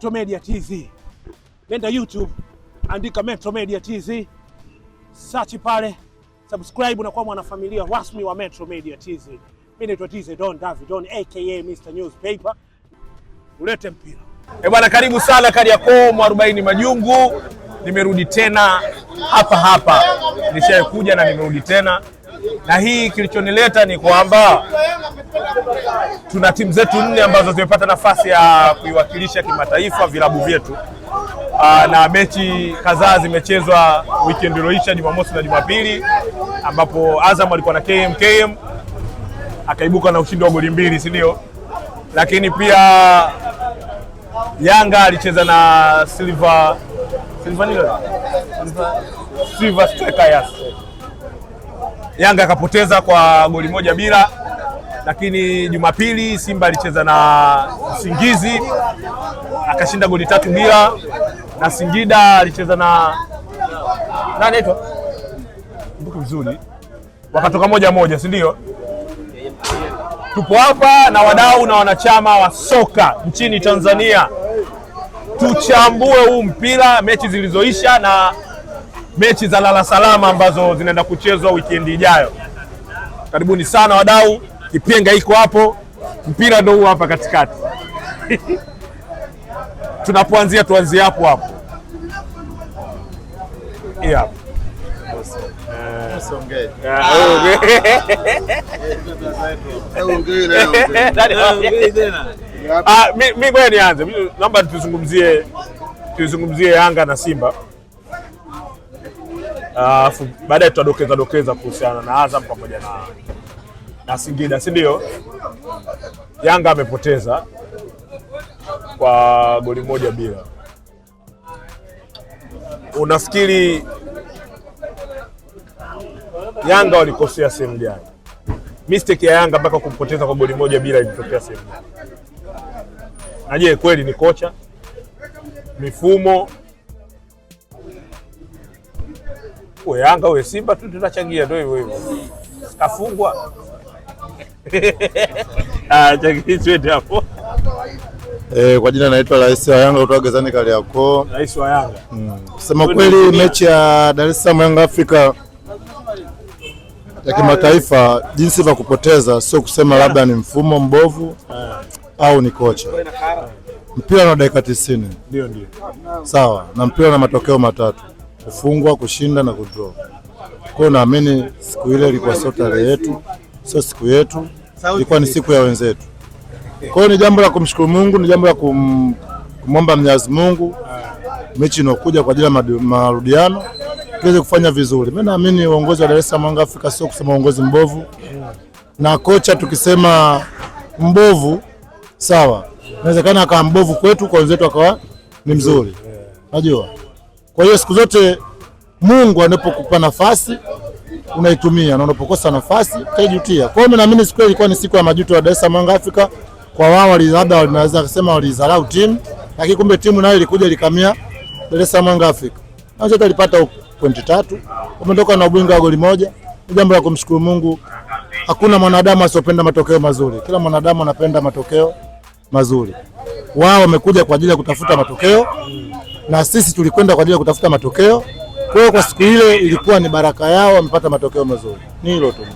Metro Media TV. nenda YouTube andika Metro Media TV, search pale, subscribe na kuwa mwanafamilia rasmi wa Metro Media TV. Mimi naitwa TZ Don Don aka Mr Newspaper. Ulete mpira eh bwana, karibu sana Kariakoo mwarobaini Majungu. Nimerudi tena hapa hapa, nishakuja na nimerudi tena na hii kilichonileta ni kwamba tuna timu zetu nne ambazo zimepata nafasi ya kuiwakilisha kimataifa vilabu vyetu. Ah, na mechi kadhaa zimechezwa weekend iliyoisha Jumamosi na Jumapili, ambapo Azam alikuwa na KM KM akaibuka na ushindi wa goli mbili, si ndio? Lakini pia Yanga alicheza na Silver Silver Silver Strikers Yanga akapoteza kwa goli moja bila. Lakini Jumapili Simba alicheza na Singizi akashinda goli tatu bila, na Singida alicheza na nani aitwa mbuku vizuri, wakatoka moja moja, si ndio? Tupo hapa na wadau na wanachama wa soka nchini Tanzania, tuchambue huu mpira, mechi zilizoisha na mechi za lala salama ambazo zinaenda kuchezwa wikendi ijayo. Karibuni sana wadau, kipenga iko hapo, mpira ndio huu hapa katikati. Tunapoanzia tuanzie hapo hapo, yeah. Mi ngoja nianze, naomba tuzungumzie Yanga na Simba alafu baadaye tutadokeza dokeza kuhusiana na Azam pamoja na, na Singida, si ndio? Yanga amepoteza kwa goli moja bila. Unafikiri Yanga walikosea sehemu gani? Mistake ya Yanga mpaka kumpoteza kwa goli moja bila ilitokea sehemu gani? Na je, kweli ni kocha, mifumo uwe Yanga uwe Simba tu tunachangia, ndio hivyo hivyo, kafungwa ah, hapo. Eh, kwa jina naitwa Rais wa Yanga kutoka Gezani Kariakoo. Rais wa Yanga. Mm. Kusema kweli mechi ya Dar es Salaam Yanga Afrika ya kimataifa jinsi vya kupoteza sio kusema labda ni mfumo mbovu eh. au ni kocha. Mpira na dakika 90. Ndio ndio. Sawa, na mpira na matokeo matatu kufungwa, kushinda na kudraw. Kwa naamini siku ile ilikuwa sio tarehe yetu, sio siku yetu, ilikuwa ni siku ya wenzetu. Kwa ni jambo la kumshukuru Mungu, ni jambo la kum, kumwomba Mwenyezi Mungu mechi inaokuja kwa ajili ya marudiano tuweze kufanya vizuri. Mimi naamini uongozi wa Dar es Salaam Yanga Afrika sio kusema uongozi mbovu, na kocha tukisema mbovu sawa, inawezekana akawa mbovu kwetu, kwa wenzetu akawa ni mzuri, najua kwa hiyo siku zote Mungu anapokupa nafasi unaitumia na unapokosa nafasi utaijutia. Kwa hiyo mimi naamini siku ilikuwa ni siku ya majuto ya Dar es Salaam Africa. Kwa wao labda wanaweza kusema walidharau timu, lakini kumbe timu nayo ilikuja likamia Dar es Salaam Afrika. Nacho wote pointi tatu, umetoka na ubingwa wa goli moja. Ni jambo la kumshukuru Mungu. Hakuna mwanadamu asiyopenda matokeo mazuri, kila mwanadamu anapenda matokeo mazuri. Wao wamekuja kwa ajili ya kutafuta matokeo na sisi tulikwenda kwa ajili ya kutafuta matokeo. Kwa hiyo kwa siku ile ilikuwa ni baraka yao, wamepata matokeo mazuri. Ni hilo tu.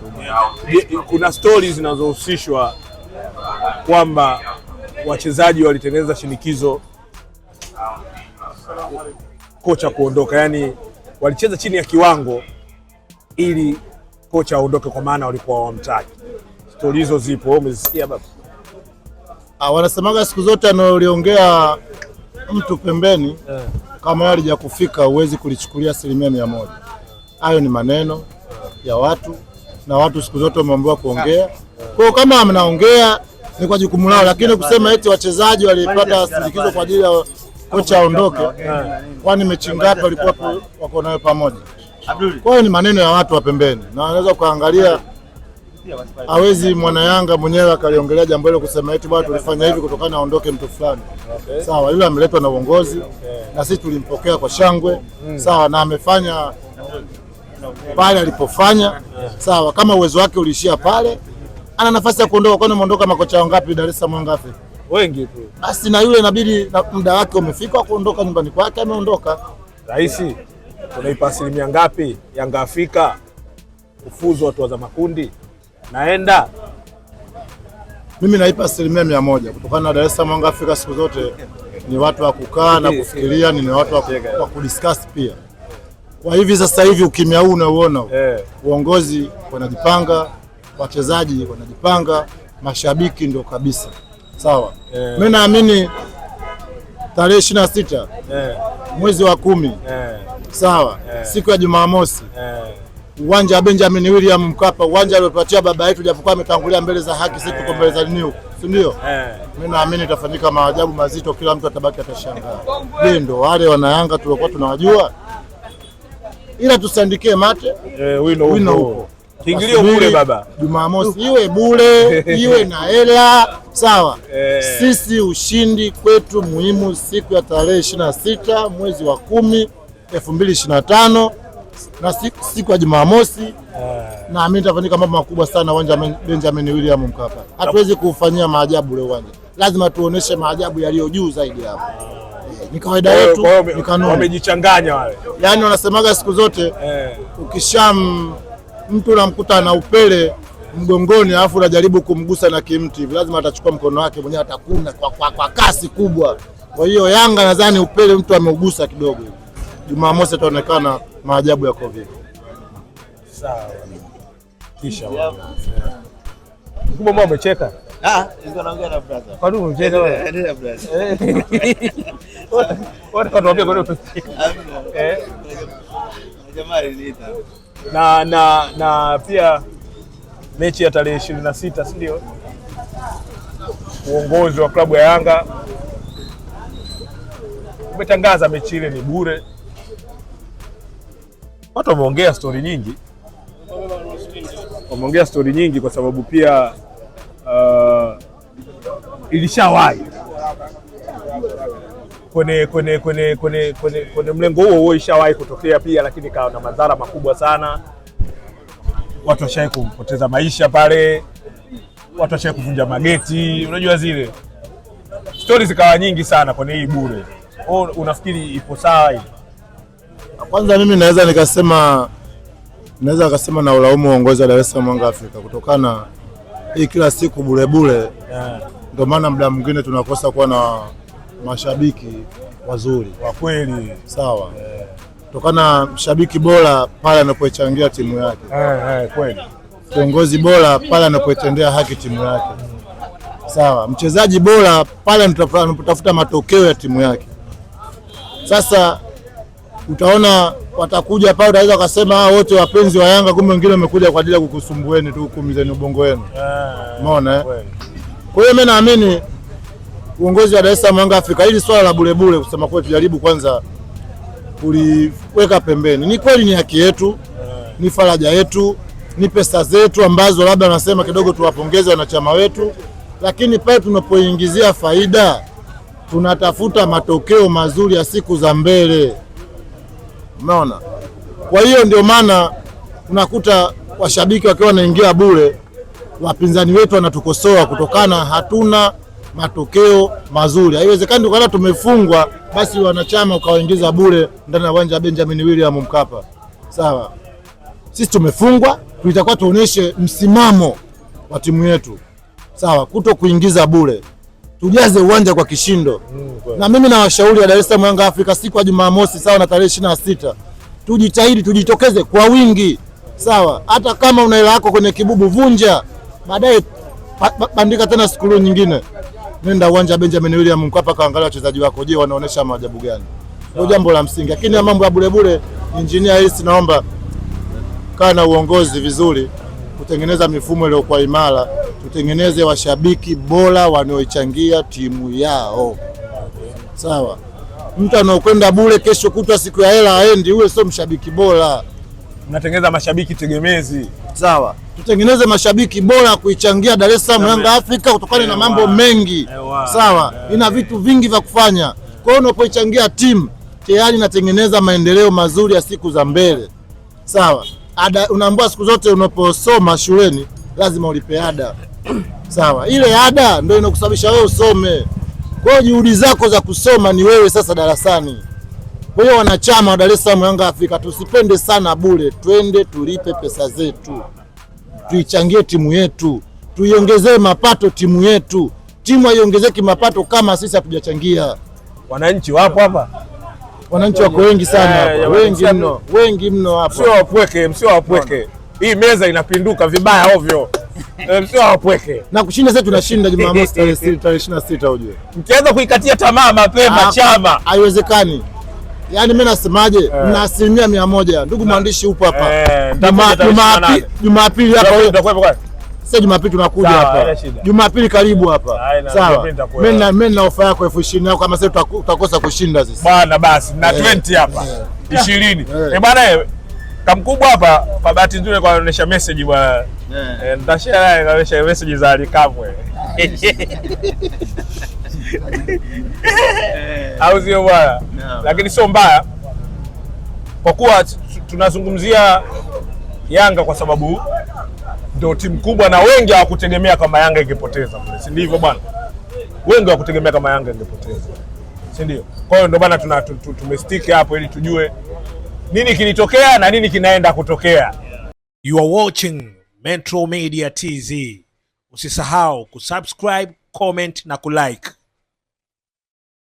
Kuna stori zinazohusishwa kwamba wachezaji walitengeneza shinikizo kocha kuondoka, yani walicheza chini ya kiwango ili kocha aondoke, kwa maana walikuwa wamtaki. Stori hizo zipo, umezisikia baba? Ah, wanasemaga siku zote analiongea mtu pembeni yeah. Kama alija kufika huwezi kulichukulia asilimia mia moja. Hayo ni maneno ya watu na watu siku zote wameambiwa kuongea kwao, kama anaongea ni kwa jukumu lao, lakini kusema eti wachezaji walipata sindikizo kwa ajili ya kocha aondoke, kwani mechi ngapi walikuwa wako nayo pamoja? Kwa hiyo ni maneno ya watu wa pembeni na wanaweza kuangalia hawezi mwana Yanga mwenyewe akaliongelea jambo hilo kusema eti bwana tulifanya hivi kutokana na aondoke mtu fulani. Okay. Sawa, yule ameletwa na uongozi okay. Na sisi tulimpokea kwa shangwe mm. Sawa, na amefanya pale alipofanya yeah. Sawa, kama uwezo wake uliishia pale, ana nafasi ya kuondoka. Kwani umeondoka makocha wangapi Dar es Salaam ngapi? Wengi tu. Basi na yule inabidi muda wake umefika kuondoka nyumbani kwake, ameondoka. Rais, unaipa asilimia ngapi Yanga Afrika kufuzu hatua za makundi? naenda mimi naipa asilimia mia moja kutokana na Dar es Salaam Yanga Afrika siku zote ni watu wa kukaa na kufikiria, ni watu wa kudiscuss pia. Kwa hivi sasa hivi ukimya huu unauona, eh. uongozi wanajipanga, wachezaji wanajipanga, mashabiki ndio kabisa sawa. Eh. Mimi naamini tarehe ishirini na sita eh. mwezi wa kumi sawa, siku ya Jumamosi uwanja wa Benjamin William Mkapa, uwanja aliopatia baba yetu, japokuwa ametangulia mbele za haki, sisi tuko mbele za new, si ndio? Eh. Mimi naamini itafanyika maajabu mazito, kila mtu atabaki atashangaa. Je, ndo wale wanayanga tuliokuwa tunawajua? Ila tusandikie mate, eh, wino huko Kiingilio bure baba. Jumamosi iwe bure, iwe na hela sawa. Eh. Sisi ushindi kwetu muhimu siku ya tarehe 26 mwezi wa kumi 2025 na siku ya Jumamosi eh. naamini tafanyika mambo makubwa sana uwanja Benjamin William Mkapa. Hatuwezi kuufanyia maajabu ule uwanja, lazima tuoneshe maajabu yaliyo juu zaidi hapo. Ah. Eh, ni kawaida yetu, ni kanuni. Wamejichanganya wale, yaani wanasemaga siku zote eh. ukisham mtu unamkuta na upele mgongoni alafu unajaribu kumgusa na kimti hivi, lazima atachukua mkono wake mwenyewe atakuna kwa, kwa, kwa kasi kubwa. Kwa hiyo Yanga nadhani upele mtu ameugusa kidogo. Jumamosi ataonekana maajabu yako vipi? Kisha mkubwa mbona umecheka? Ah, na brother. umecheka Na na pia mechi ya tarehe 26 si ndio? Uongozi wa klabu ya Yanga umetangaza mechi ile ni bure watu wameongea stori nyingi, wameongea stori nyingi kwa sababu pia uh, ilishawahi kwenye kwenye kwenye kwenye kwenye kwenye mlengo huo huo ishawahi kutokea pia, lakini kawa na madhara makubwa sana. Watu washawahi kupoteza maisha pale, watu washawahi kuvunja mageti, unajua zile stori zikawa nyingi sana kwenye hii bure. Unafikiri ipo sawa hii? Kwanza mimi naweza nikasema naweza kasema na ulaumu uongozi wa Dar es Salaam Mwanga Afrika kutokana hii kila siku bulebule bure, Ndio maana muda mwingine tunakosa kuwa na mashabiki wazuri wa kweli sawa, yeah. Kutokana mshabiki bora pale anapoichangia timu yake yeah, yeah, kweli. Kiongozi bora pale anapoitendea haki timu yake sawa, mchezaji bora pale anapotafuta matokeo ya timu yake sasa utaona watakuja pale, utaweza kusema ah, wote wapenzi wa Yanga, kumbe wengine wamekuja kwa ajili ya kukusumbueni tu, kukumizeni ubongo wenu, ah, umeona eh? Kwa hiyo mimi naamini uongozi wa Dar es Salaam Yanga Afrika, hili swala la bulebule, kusema kweli, tujaribu kwanza kuliweka pembeni. Ni kweli, ni haki yetu, ah. ni faraja yetu, ni pesa zetu ambazo labda nasema kidogo tuwapongeze wanachama wetu, lakini pale tunapoingizia faida tunatafuta matokeo mazuri ya siku za mbele umeona. Kwa hiyo ndio maana unakuta washabiki wakiwa wanaingia bure, wapinzani wetu wanatukosoa kutokana hatuna matokeo mazuri. Haiwezekani tukana tumefungwa basi wanachama ukawaingiza bure ndani ya uwanja wa Benjamin William Mkapa. Sawa, sisi tumefungwa, tulitakuwa tuoneshe msimamo wa timu yetu, sawa, kuto kuingiza bure tujaze uwanja kwa kishindo mm, na mimi nawashauri wa Dar es Salaam Yanga Afrika siku ya Jumamosi sawa na tarehe ishirini na sita tujitahidi tujitokeze kwa wingi sawa. Hata kama una hela yako kwenye kibubu vunja, baadaye bandika tena sikuru nyingine, nenda uwanja Benjamin William Mkapa, kaangalia wachezaji wako, je, wanaonesha maajabu gani? Ndio jambo la msingi, lakini mambo ya burebure. Injinia Hersi, naomba kaa na uongozi vizuri kutengeneza mifumo iliyokuwa imara, tutengeneze washabiki bora wanaoichangia timu yao. Sawa, mtu anaokwenda bure kesho kutwa siku ya hela aendi, huyo sio mshabiki bora. Mnatengeneza mashabiki tegemezi. Sawa, tutengeneze mashabiki bora kuichangia Dar es Salaam Yanga Afrika kutokana na mambo mengi. Sawa, ina vitu vingi vya kufanya. Kwa hiyo unapoichangia timu tayari inatengeneza maendeleo mazuri ya siku za mbele. Sawa ada, unaambiwa siku zote unaposoma shuleni lazima ulipe ada sawa. Ile ada ndio inakusababisha wewe usome, kwa hiyo juhudi zako za kusoma ni wewe sasa darasani. Kwa hiyo wanachama wa Dar es Salaam Yanga Afrika, tusipende sana bure, twende tulipe pesa zetu, tuichangie timu yetu, tuiongezee mapato timu yetu. Timu haiongezeki mapato kama sisi hatujachangia. Wananchi wapo hapa wananchi wako wengi sana, eh, wengi mno, wengi mno hapa. Sio wapweke, msio wapweke. Hii meza inapinduka vibaya ovyo. Eh, msio wapweke. Na kushinda sasa tunashinda Jumamosi tarehe 26 ujue. Mkianza kuikatia tamaa mapema ah, chama. Haiwezekani. Yaani mimi nasemaje, eh. mna asilimia mia moja. Ndugu mwandishi upo hapa. Jumapili hapa. Sasa Jumapili tunakuja hapa. Jumapili karibu hapa. Sawa. Mimi na ofa yako elfu ishirini au kama sasa tutakosa kushinda sisi. Bwana basi na 20 eh. hapa. 20. Eh. Eh. eh, bwana kamkubwa hapa kwa bahati nzuri kwa kuonesha message bwana. Eh, nitashare naye kuonesha message za Ali Au sio bwana? Lakini sio mbaya. Kwa kuwa tunazungumzia Yanga kwa sababu ndio timu kubwa, na wengi hawakutegemea kama Yanga ingepoteza, si ndivyo bwana? Wengi hawakutegemea kama Yanga ingepoteza, si ndio? Kwa hiyo ndio bwana, tumestiki hapo ili tujue nini kilitokea na nini kinaenda kutokea. You are watching Metro Media TZ. Usisahau kusubscribe, comment na kulike.